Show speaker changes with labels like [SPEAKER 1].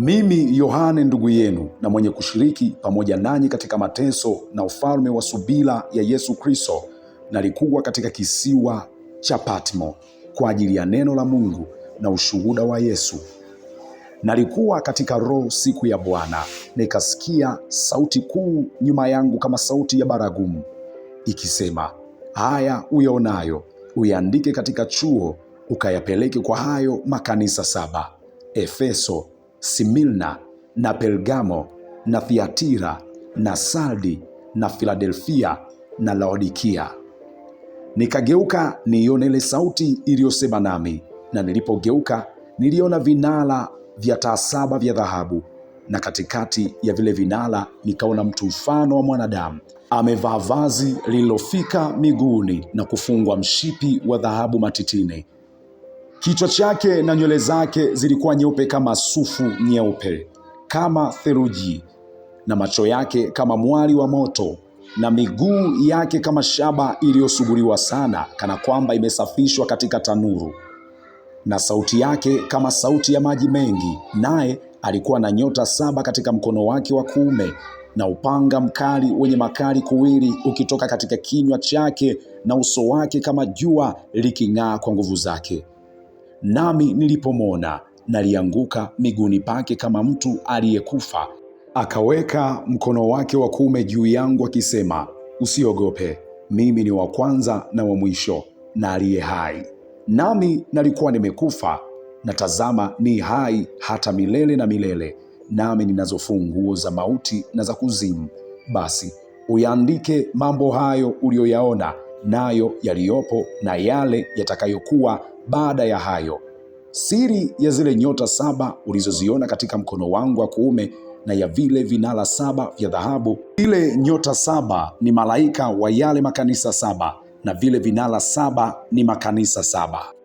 [SPEAKER 1] Mimi Yohane ndugu yenu na mwenye kushiriki pamoja nanyi katika mateso na ufalme wa subira ya Yesu Kristo, nalikuwa katika kisiwa cha Patmo kwa ajili ya neno la Mungu na ushuhuda wa Yesu. Nalikuwa katika Roho siku ya Bwana, nikasikia sauti kuu nyuma yangu kama sauti ya baragumu ikisema, haya uyaonayo uyaandike katika chuo, ukayapeleke kwa hayo makanisa saba: Efeso, Similna na Pergamo na Thiatira na Sardi na Filadelfia na Laodikia. Nikageuka niione ile sauti iliyosema nami, na nilipogeuka niliona vinara vya taa saba vya dhahabu, na katikati ya vile vinara nikaona mtu mfano wa mwanadamu amevaa vazi lililofika miguuni na kufungwa mshipi wa dhahabu matitini. Kichwa chake na nywele zake zilikuwa nyeupe kama sufu nyeupe, kama theluji, na macho yake kama mwali wa moto, na miguu yake kama shaba iliyosuguliwa sana, kana kwamba imesafishwa katika tanuru, na sauti yake kama sauti ya maji mengi. Naye alikuwa na nyota saba katika mkono wake wa kuume, na upanga mkali wenye makali kuwili ukitoka katika kinywa chake, na uso wake kama jua liking'aa kwa nguvu zake. Nami nilipomwona nalianguka miguuni pake kama mtu aliyekufa. Akaweka mkono wake wa kuume juu yangu akisema, usiogope, mimi ni wa kwanza na wa mwisho na aliye hai. Nami nalikuwa nimekufa, na tazama ni hai hata milele na milele, nami ninazo funguo za mauti na za kuzimu. Basi uyaandike mambo hayo uliyoyaona nayo yaliyopo na yale yatakayokuwa baada ya hayo. Siri ya zile nyota saba ulizoziona katika mkono wangu wa kuume na ya vile vinara saba vya dhahabu. Zile nyota saba ni malaika wa yale makanisa saba na vile vinara saba ni makanisa saba.